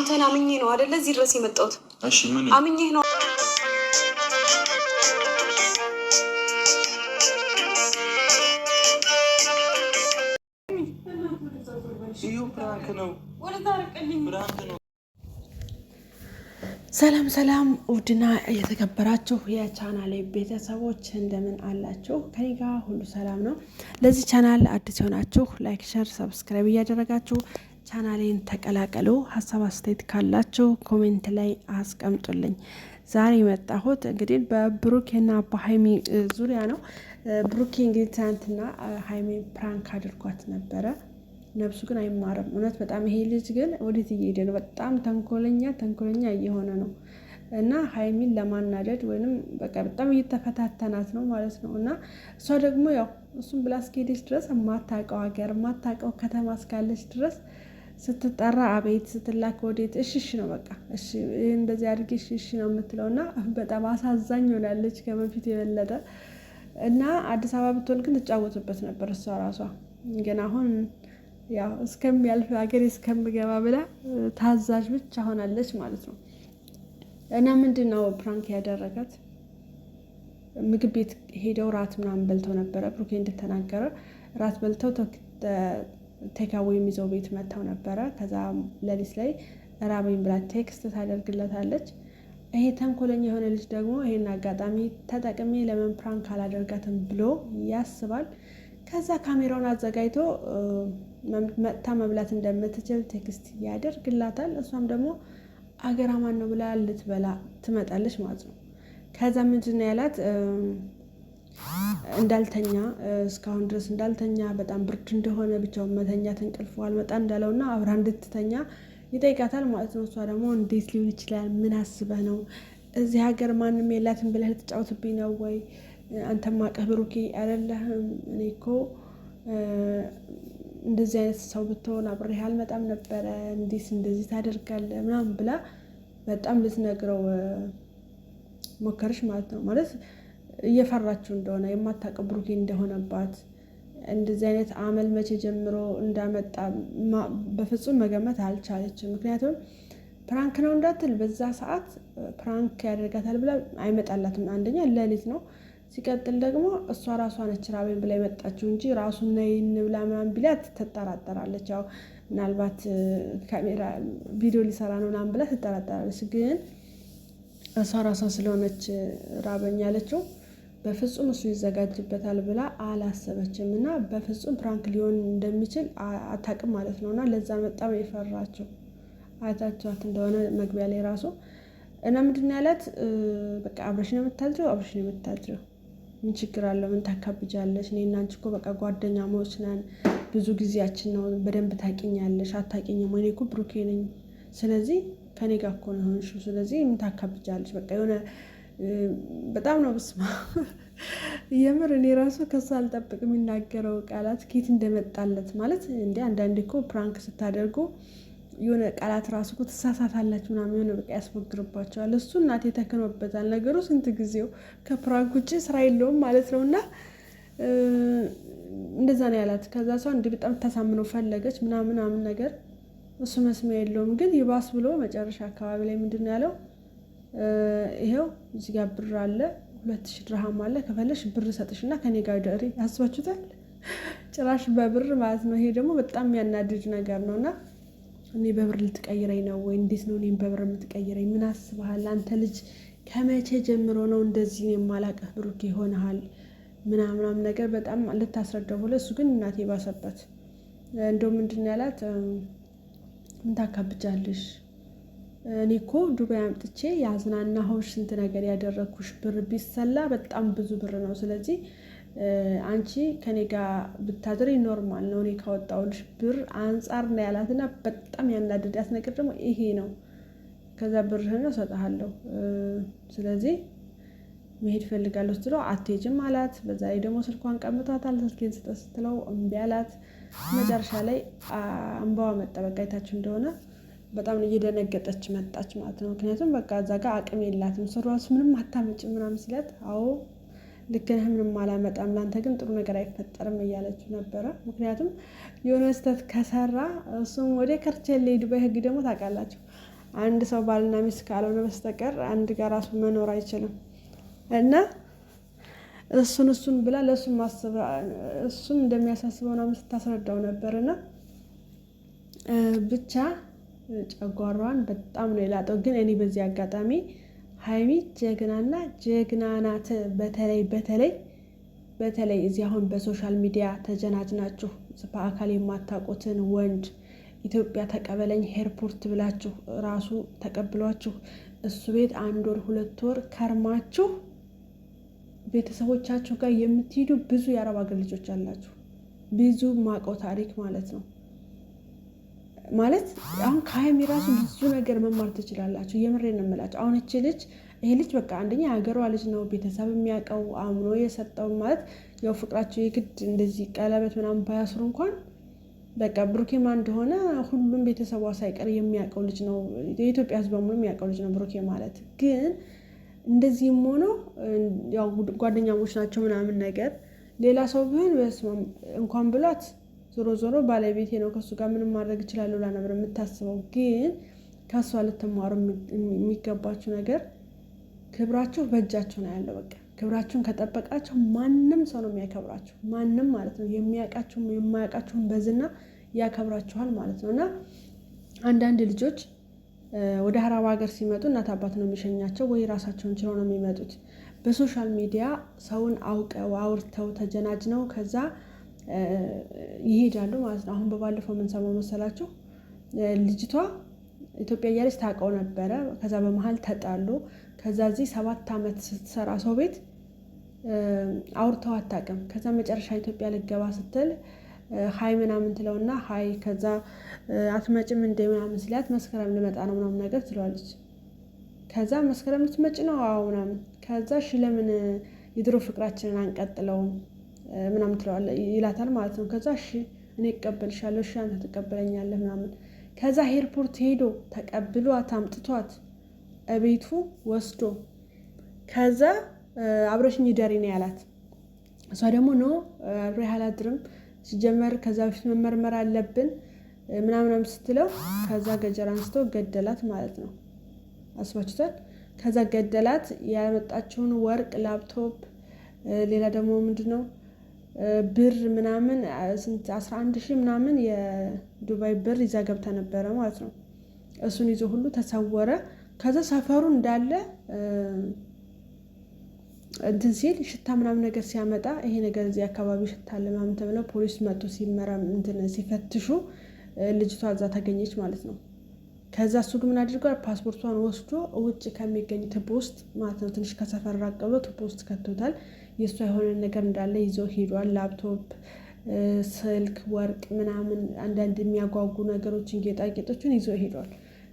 አንተን አምኜ ነው አይደለ እዚህ ድረስ የመጣሁት። አምኜህ ነው ሰላም ሰላም፣ ውድና የተከበራችሁ የቻናል ቤተሰቦች እንደምን አላችሁ? ከኔ ጋር ሁሉ ሰላም ነው። ለዚህ ቻናል አዲስ የሆናችሁ ላይክ፣ ሸር፣ ሰብስክራይብ እያደረጋችሁ ቻናሌን ተቀላቀሉ። ሀሳብ አስተያየት ካላችሁ ኮሜንት ላይ አስቀምጡልኝ። ዛሬ የመጣሁት እንግዲህ በብሩኬና በሀይሚ ዙሪያ ነው። ብሩኬ እንግዲህ ትናንትና ሀይሚ ፕራንክ አድርጓት ነበረ። ነብሱ ግን አይማርም። እውነት በጣም ይሄ ልጅ ግን ወዴት እየሄደ ነው? በጣም ተንኮለኛ ተንኮለኛ እየሆነ ነው እና ሀይሚን ለማናደድ ወይም በቃ በጣም እየተፈታተናት ነው ማለት ነው። እና እሷ ደግሞ ያው እሱም ብላ እስከሄደች ድረስ የማታውቀው ሀገር የማታውቀው ከተማ እስካለች ድረስ ስትጠራ አቤት ስትላክ ወዴት እሽሽ ነው በቃ እሺ እንደዚህ አድርጌ እሽሽ ነው የምትለው እና በጣም አሳዛኝ ሆናለች ከበፊት የበለጠ እና አዲስ አበባ ብትሆን ግን ትጫወትበት ነበር እሷ ራሷ ግን አሁን ያው እስከሚያልፍ ሀገር እስከምገባ ብላ ታዛዥ ብቻ ሆናለች ማለት ነው እና ምንድን ነው ፕራንክ ያደረጋት ምግብ ቤት ሄደው ራት ምናምን በልተው ነበረ ብሩኬ እንደተናገረ ራት በልተው ቴካዌ የሚዘው ቤት መጥተው ነበረ። ከዛ ለሊስ ላይ ራበኝ ብላ ቴክስት ታደርግለታለች። ይሄ ተንኮለኛ የሆነ ልጅ ደግሞ ይሄን አጋጣሚ ተጠቅሜ ለምን ፕራንክ አላደርጋትም ብሎ ያስባል። ከዛ ካሜራውን አዘጋጅቶ መጥታ መብላት እንደምትችል ቴክስት ያደርግላታል። እሷም ደግሞ አገራማን ነው ብላ ልትበላ ትመጣለች ማለት ነው። ከዛ ምንድን ነው ያላት እንዳልተኛ እስካሁን ድረስ እንዳልተኛ በጣም ብርድ እንደሆነ ብቻውን መተኛት መጣ አልመጣ ና አብራ እንድትተኛ ይጠይቃታል ማለት ነው። እሷ ደግሞ እንዴት ሊሆን ይችላል? ምን አስበህ ነው? እዚህ ሀገር ማንም የላትን ብለህ ልትጫወትብኝ ነው ወይ? አንተም አውቀህ ብሩኬ አይደለህም። እኔ እኮ እንደዚህ አይነት ሰው ብትሆን አብሬህ አልመጣም ነበረ። እንዴት እንደዚህ ታደርጋለህ? ምናምን ብላ በጣም ልትነግረው ሞከረች ማለት ነው ማለት እየፈራችው እንደሆነ የማታቀብሩ ብሩኬ እንደሆነባት እንደዚህ አይነት አመል መቼ ጀምሮ እንዳመጣ በፍጹም መገመት አልቻለችም። ምክንያቱም ፕራንክ ነው እንዳትል በዛ ሰዓት ፕራንክ ያደርጋታል ብላ አይመጣላትም። አንደኛ ሌሊት ነው፣ ሲቀጥል ደግሞ እሷ ራሷ ነች ራበኝ ብላ የመጣችው እንጂ ራሱ ነይን ብላ ምናምን ቢላት ትጠራጠራለች። ያው ምናልባት ካሜራ ቪዲዮ ሊሰራ ነው ምናምን ብላ ትጠራጠራለች። ግን እሷ ራሷ ስለሆነች ራበኝ ያለችው በፍጹም እሱ ይዘጋጅበታል ብላ አላሰበችም እና በፍጹም ፕራንክ ሊሆን እንደሚችል አታውቅም ማለት ነው። እና ለዛ በጣም የፈራችው አይታችኋት እንደሆነ መግቢያ ላይ ራሱ እና ምንድን ነው ያላት፣ በቃ አብረሽ ነው የምታድሪው፣ አብረሽ ነው የምታድሪው፣ ምን ችግር አለው? ምን ታካብጃለሽ? እኔና አንቺ እኮ በቃ ጓደኛ ጓደኛሞች ነን፣ ብዙ ጊዜያችን ነው፣ በደንብ ታውቂኛለሽ፣ አታውቂኝም። ወይኔ እኮ ብሩኬ ነኝ፣ ስለዚህ ከኔ ጋር እኮ ነው የሆንሽው፣ ስለዚህ ምን ታካብጃለች? በቃ የሆነ በጣም ነው ብስማ የምር እኔ ራሱ ከሱ አልጠብቅ የሚናገረው ቃላት ኬት እንደመጣለት ማለት እንደ አንዳንዴ እኮ ፕራንክ ስታደርጉ የሆነ ቃላት ራሱ እኮ ትሳሳታላችሁ ምናምን የሆነ በቃ ያስሞግርባቸዋል። እሱ እናቴ ተክኖበታል ነገሩ ስንት ጊዜው ከፕራንክ ውጭ ስራ የለውም ማለት ነው። እና እንደዛ ነው ያላት። ከዛ ሰው እንዲህ በጣም ተሳምነው ፈለገች ምናምን ምናምን ነገር እሱ መስሚያ የለውም። ግን ይባስ ብሎ መጨረሻ አካባቢ ላይ ምንድን ነው ያለው ይሄው እዚህ ጋር ብር አለ፣ ሁለት ሺ ድርሃም አለ። ከፈለሽ ብር ሰጥሽና ከኔ ጋር ደሪ። ያስባችሁታል? ጭራሽ በብር ማለት ነው። ይሄ ደግሞ በጣም የሚያናድድ ነገር ነው እና እኔ በብር ልትቀይረኝ ነው ወይ? እንዴት ነው እኔም በብር የምትቀይረኝ? ምን አስበሃል አንተ ልጅ? ከመቼ ጀምሮ ነው እንደዚህ የማላቀህ ብሩክ ይሆንሃል ምናምናም ነገር በጣም ልታስረዳው ብለ እሱ ግን እናቴ ባሰበት። እንደው ምንድን ያላት ምን ታካብጃለሽ እኔ እኮ ዱባይ አምጥቼ ያዝናናሁሽ ስንት ነገር ያደረግኩሽ ብር ቢሰላ በጣም ብዙ ብር ነው። ስለዚህ አንቺ ከኔ ጋር ብታድሪ ኖርማል ነው እኔ ካወጣሁልሽ ብር አንጻር ነው ያላትና በጣም ያናደዳት ነገር ደግሞ ይሄ ነው። ከዛ ብርህን እሰጥሃለሁ ስለዚህ መሄድ ፈልጋለሁ ስትለው አትሄጂም አላት። በዛ ላይ ደግሞ ስልኳን ቀምቷታል። ስልኬን ስጠ ስትለው እምቢ አላት። መጨረሻ ላይ አምባዋ መጠበቃ አይታችሁ እንደሆነ በጣም እየደነገጠች መጣች ማለት ነው። ምክንያቱም በቃ እዛ ጋር አቅም የላትም። ስሯስ ምንም አታመጭ ምናምን ሲላት አዎ ልክ ነህ፣ ምንም አላመጣም፣ ለአንተ ግን ጥሩ ነገር አይፈጠርም እያለችው ነበረ። ምክንያቱም የሆነ ስህተት ከሰራ እሱም ወደ ከርቸሌ ዱባይ ህግ ደግሞ ታውቃላችሁ፣ አንድ ሰው ባልና ሚስት ካልሆነ በስተቀር አንድ ጋር ራሱ መኖር አይችልም እና እሱን እሱን ብላ ለእሱም እሱም እንደሚያሳስበው ምናምን ስታስረዳው ነበር እና ብቻ ጨጓሯን በጣም ነው የላጠው። ግን እኔ በዚህ አጋጣሚ ሀይሚ ጀግናና ጀግና ናት። በተለይ በተለይ በተለይ እዚህ አሁን በሶሻል ሚዲያ ተጀናጅናችሁ በአካል የማታውቁትን ወንድ ኢትዮጵያ ተቀበለኝ ኤርፖርት ብላችሁ ራሱ ተቀብሏችሁ እሱ ቤት አንድ ወር ሁለት ወር ከርማችሁ ቤተሰቦቻችሁ ጋር የምትሄዱ ብዙ የአረብ አገር ልጆች አላችሁ። ብዙ ማቀው ታሪክ ማለት ነው። ማለት አሁን ከሀይሚ ራሱ ብዙ ነገር መማር ትችላላችሁ። የምሬ ነው አሁን እች ልጅ ይሄ ልጅ በቃ አንደኛ የሀገሯ ልጅ ነው፣ ቤተሰብ የሚያውቀው አምኖ የሰጠው ማለት ያው ፍቅራቸው የግድ እንደዚህ ቀለበት ምናምን ባያስሩ እንኳን በቃ ብሩኬማ እንደሆነ ሁሉም ቤተሰቧ ሳይቀር የሚያውቀው ልጅ ነው። የኢትዮጵያ ሕዝብ በሙሉ የሚያውቀው ልጅ ነው ብሩኬ ማለት ግን እንደዚህም ሆኖ ያው ጓደኛሞች ናቸው ምናምን ነገር ሌላ ሰው ቢሆን እንኳን ብሏት ዞሮ ዞሮ ባለቤቴ ነው ከሱ ጋር ምንም ማድረግ እችላለሁ ብላ ነበር የምታስበው። ግን ከእሷ ልትማሩ የሚገባችሁ ነገር ክብራችሁ በእጃችሁ ነው ያለው። በቃ ክብራችሁን ከጠበቃችሁ ማንም ሰው ነው የሚያከብራችሁ። ማንም ማለት ነው የሚያውቃችሁም የማያውቃችሁም በዝና ያከብራችኋል ማለት ነው። እና አንዳንድ ልጆች ወደ አረብ ሀገር ሲመጡ እናት አባት ነው የሚሸኛቸው ወይ ራሳቸውን ችለው ነው የሚመጡት። በሶሻል ሚዲያ ሰውን አውቀው አውርተው ተጀናጅነው ከዛ ይሄዳሉ ማለት ነው። አሁን በባለፈው የምንሰማው መሰላችሁ ልጅቷ ኢትዮጵያ እያለች ታውቀው ነበረ። ከዛ በመሀል ተጣሉ። ከዛ እዚህ ሰባት ዓመት ስትሰራ ሰው ቤት አውርተው አታውቅም። ከዛ መጨረሻ ኢትዮጵያ ልገባ ስትል ሀይ ምናምን ትለውና ሀይ ከዛ አትመጭም እንደ ምናምን ስላት መስከረም ልመጣ ነው ምናምን ነገር ትለዋለች። ከዛ መስከረም ልትመጭ ነው አዎ ምናምን ከዛ ሽ ለምን የድሮ ፍቅራችንን አንቀጥለውም ምናምን ትለዋለህ ይላታል ማለት ነው። ከዛ እሺ እኔ እቀበልሻለሁ እሺ አንተ ትቀበለኛለህ ምናምን ከዛ ኤርፖርት ሄዶ ተቀብሏት አምጥቷት እቤቱ ወስዶ ከዛ አብረሽኝ እደሪ ነው ያላት። እሷ ደግሞ ኖ አብሬህ አላድርም ሲጀመር ከዛ በፊት መመርመር አለብን ምናምናም ስትለው ከዛ ገጀራ አንስቶ ገደላት ማለት ነው። አስባችሁታል? ከዛ ገደላት ያመጣችውን ወርቅ ላፕቶፕ ሌላ ደግሞ ምንድነው ብር ምናምን ስንት አስራ አንድ ሺህ ምናምን የዱባይ ብር ይዛ ገብታ ነበረ ማለት ነው። እሱን ይዞ ሁሉ ተሰወረ። ከዛ ሰፈሩ እንዳለ እንትን ሲል ሽታ ምናምን ነገር ሲያመጣ ይሄ ነገር እዚህ አካባቢ ሽታ አለ ምናምን ተብለው ፖሊስ መጡ። ሲመራም እንትን ሲፈትሹ ልጅቷ እዛ ተገኘች ማለት ነው። ከዛ እሱ ግን ምን አድርጓል? ፓስፖርቷን ወስዶ ውጭ ከሚገኝ ትቦ ውስጥ ማለት ነው ትንሽ ከሰፈር ራቅ ትቦ ውስጥ ከቶታል። የእሷ የሆነ ነገር እንዳለ ይዞ ሄዷል። ላፕቶፕ፣ ስልክ፣ ወርቅ ምናምን አንዳንድ የሚያጓጉ ነገሮችን ጌጣጌጦችን ይዞ ሄዷል።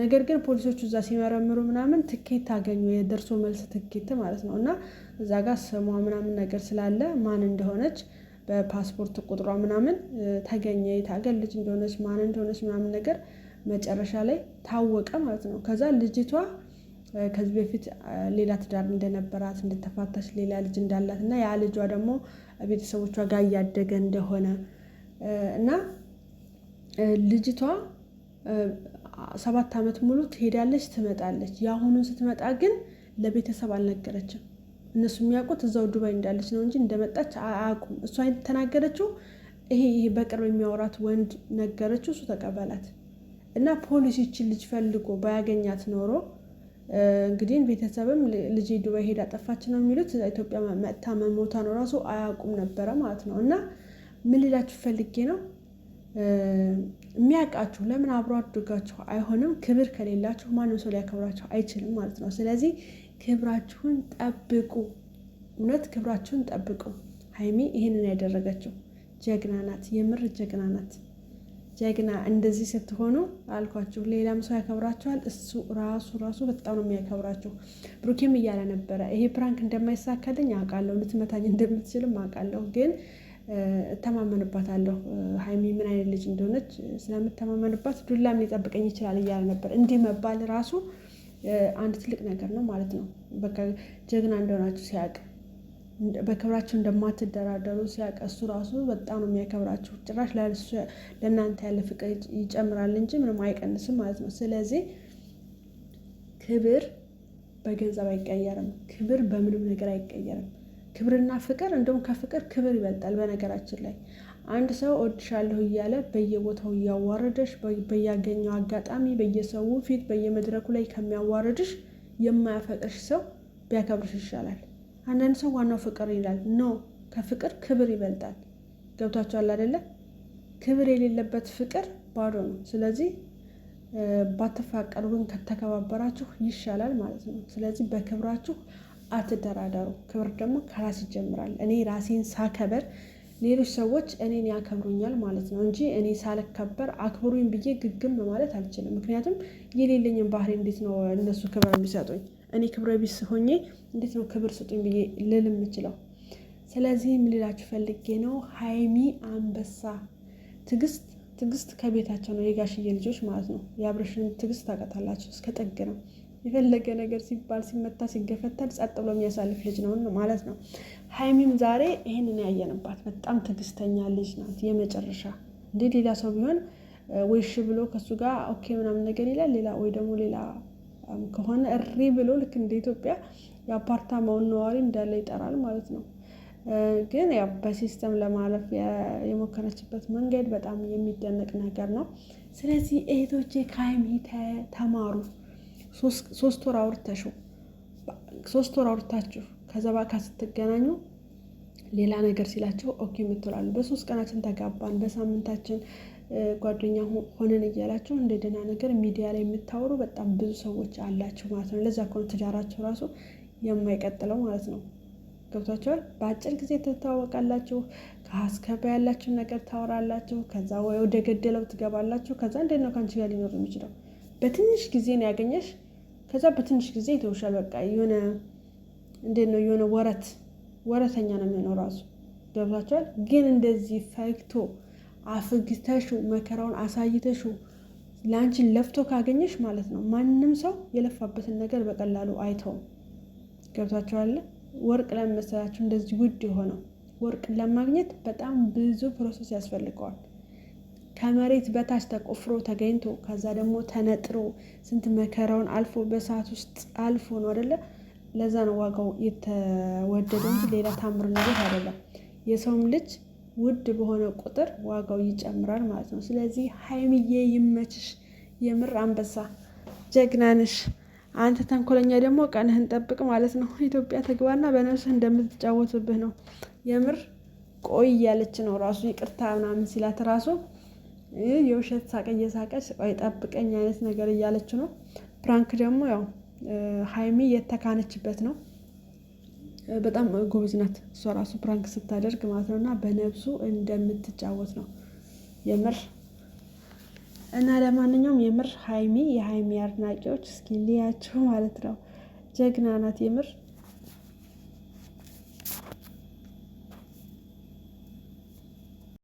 ነገር ግን ፖሊሶቹ እዛ ሲመረምሩ ምናምን ትኬት አገኙ፣ የደርሶ መልስ ትኬት ማለት ነው። እና እዛ ጋር ስሟ ምናምን ነገር ስላለ ማን እንደሆነች በፓስፖርት ቁጥሯ ምናምን ተገኘ፣ የታገል ልጅ እንደሆነች ማን እንደሆነች ምናምን ነገር መጨረሻ ላይ ታወቀ ማለት ነው። ከዛ ልጅቷ ከዚህ በፊት ሌላ ትዳር እንደነበራት እንደተፋታች ሌላ ልጅ እንዳላት እና ያ ልጇ ደግሞ ቤተሰቦቿ ጋር እያደገ እንደሆነ እና ልጅቷ ሰባት ዓመት ሙሉ ትሄዳለች፣ ትመጣለች። የአሁኑን ስትመጣ ግን ለቤተሰብ አልነገረችም። እነሱ የሚያውቁት እዛው ዱባይ እንዳለች ነው እንጂ እንደመጣች አያውቁም። እሷ የተናገረችው ይሄ ይሄ በቅርብ የሚያወራት ወንድ ነገረችው፣ እሱ ተቀበላት እና ፖሊስ ይችን ልጅ ፈልጎ ባያገኛት ኖሮ እንግዲህ ቤተሰብም ልጅ ዱባይ ሄዳ ጠፋች ነው የሚሉት። ኢትዮጵያ መጥታ መሞታ ነው ራሱ አያውቁም ነበረ ማለት ነው። እና ምን ሌላችሁ ፈልጌ ነው የሚያውቃችሁ ለምን አብሮ አድርጋችሁ አይሆንም? ክብር ከሌላችሁ ማንም ሰው ሊያከብራችሁ አይችልም ማለት ነው። ስለዚህ ክብራችሁን ጠብቁ፣ እውነት ክብራችሁን ጠብቁ። ሀይሚ ይህንን ያደረገችው ጀግና ናት፣ የምር ጀግና ናት። ጀግና እንደዚህ ስትሆኑ አልኳችሁ፣ ሌላም ሰው ያከብራችኋል። እሱ ራሱ ራሱ በጣም ነው የሚያከብራችሁ። ብሩኬም እያለ ነበረ ይሄ ፕራንክ እንደማይሳካልኝ አውቃለሁ፣ ልትመታኝ እንደምትችልም አውቃለሁ፣ ግን እተማመንባታለሁ ሀይሚ ምን አይነት ልጅ እንደሆነች ስለምተማመንባት ዱላም ሊጠብቀኝ ይችላል እያለ ነበር። እንዲህ መባል ራሱ አንድ ትልቅ ነገር ነው ማለት ነው። በቃ ጀግና እንደሆናችሁ ሲያውቅ በክብራችሁ እንደማትደራደሩ ሲያቀሱ ራሱ በጣም ነው የሚያከብራችሁ። ጭራሽ ለእናንተ ያለ ፍቅር ይጨምራል እንጂ ምንም አይቀንስም ማለት ነው። ስለዚህ ክብር በገንዘብ አይቀየርም። ክብር በምንም ነገር አይቀየርም። ክብርና ፍቅር እንደውም ከፍቅር ክብር ይበልጣል። በነገራችን ላይ አንድ ሰው እወድሻለሁ እያለ በየቦታው እያዋረደሽ በያገኘው አጋጣሚ በየሰው ፊት በየመድረኩ ላይ ከሚያዋረድሽ የማያፈቅርሽ ሰው ቢያከብርሽ ይሻላል። አንዳንድ ሰው ዋናው ፍቅር ይላል። ኖ ከፍቅር ክብር ይበልጣል። ገብቷችኋል አይደለ? ክብር የሌለበት ፍቅር ባዶ ነው። ስለዚህ ባትፋቀሩ ግን ከተከባበራችሁ ይሻላል ማለት ነው። ስለዚህ በክብራችሁ አትደራደሩ። ክብር ደግሞ ከራስ ይጀምራል። እኔ ራሴን ሳከበር ሌሎች ሰዎች እኔን ያከብሩኛል ማለት ነው እንጂ እኔ ሳልከበር አክብሩኝ ብዬ ግግም ማለት አልችልም። ምክንያቱም የሌለኝን ባህሪ እንዴት ነው እነሱ ክብር የሚሰጡኝ? እኔ ክብረ ቢስ ሆኜ እንዴት ነው ክብር ስጡኝ ብዬ ልል የምችለው? ስለዚህ የምልላችሁ ፈልጌ ነው ሀይሚ አንበሳ ትግስት ትግስት ከቤታቸው ነው የጋሽዬ ልጆች ማለት ነው። የአብርሽን ትግስት ታውቃታላችሁ፣ እስከ ጠግ ነው። የፈለገ ነገር ሲባል ሲመታ ሲገፈተል ጸጥ ብሎ የሚያሳልፍ ልጅ ነው ማለት ነው። ሀይሚም ዛሬ ይህንን ያየንባት በጣም ትግስተኛ ልጅ ናት። የመጨረሻ እንዴ ሌላ ሰው ቢሆን ወይሽ ብሎ ከሱ ጋር ኦኬ ምናምን ነገር ይላል ሌላ ወይ ደግሞ ሌላ ከሆነ እሪ ብሎ ልክ እንደ ኢትዮጵያ የአፓርታማውን ነዋሪ እንዳለ ይጠራል ማለት ነው። ግን ያው በሲስተም ለማለፍ የሞከረችበት መንገድ በጣም የሚደነቅ ነገር ነው። ስለዚህ እህቶቼ ከሀይሚ ተማሩ። ሶስት ወር አውርተሹ ሶስት ወር አውርታችሁ ከዛ በቃ ስትገናኙ ሌላ ነገር ሲላቸው ኦኬ የምትላሉ። በሶስት ቀናችን ተጋባን፣ በሳምንታችን ጓደኛ ሆነን እያላቸው እንደ ደህና ነገር ሚዲያ ላይ የምታወሩ በጣም ብዙ ሰዎች አላቸው ማለት ነው። ለዛ ከሆነ ትዳራቸው ራሱ የማይቀጥለው ማለት ነው። ገብቷቸዋል። በአጭር ጊዜ ትታወቃላችሁ፣ ከሀስከባ ያላችሁ ነገር ታወራላችሁ፣ ከዛ ወደ ገደለው ትገባላችሁ። ከዛ እንዴት ነው ከአንቺ ጋር ሊኖር የሚችለው? በትንሽ ጊዜ ነው ያገኘሽ፣ ከዛ በትንሽ ጊዜ ይተውሻል። በቃ የሆነ እንዴት ነው የሆነ ወረት ወረተኛ ነው የሚሆነው ራሱ ገብቷቸዋል። ግን እንደዚህ ፈግቶ አፍግተሽው መከራውን አሳይተሽው ለአንቺን ለፍቶ ካገኘሽ ማለት ነው ማንም ሰው የለፋበትን ነገር በቀላሉ አይተውም። ገብቷቸዋል። ወርቅ ለመሰላችሁ እንደዚህ ውድ የሆነው ወርቅ ለማግኘት በጣም ብዙ ፕሮሰስ ያስፈልገዋል። ከመሬት በታች ተቆፍሮ ተገኝቶ ከዛ ደግሞ ተነጥሮ ስንት መከራውን አልፎ በሰዓት ውስጥ አልፎ ነው አደለ? ለዛ ነው ዋጋው የተወደደ እንጂ ሌላ ታምር ነገር አይደለም። የሰውም ልጅ ውድ በሆነ ቁጥር ዋጋው ይጨምራል ማለት ነው። ስለዚህ ሀይሚዬ ይመችሽ፣ የምር አንበሳ ጀግናንሽ። አንተ ተንኮለኛ ደግሞ ቀንህን ጠብቅ ማለት ነው። ኢትዮጵያ ተግባና በነፍስህ እንደምትጫወትብህ ነው። የምር ቆይ እያለች ነው ራሱ ይቅርታ ምናምን ሲላት ራሱ የውሸት ሳቅ እየሳቀች ቆይ ጠብቀኝ አይነት ነገር እያለች ነው። ፕራንክ ደግሞ ያው ሀይሚ የተካነችበት ነው። በጣም ጎበዝ ናት እሷ ራሱ ፕራንክ ስታደርግ ማለት ነው። እና በነብሱ እንደምትጫወት ነው የምር እና ለማንኛውም የምር ሀይሚ የሀይሚ አድናቂዎች እስኪ ልያቸው ማለት ነው። ጀግና ናት የምር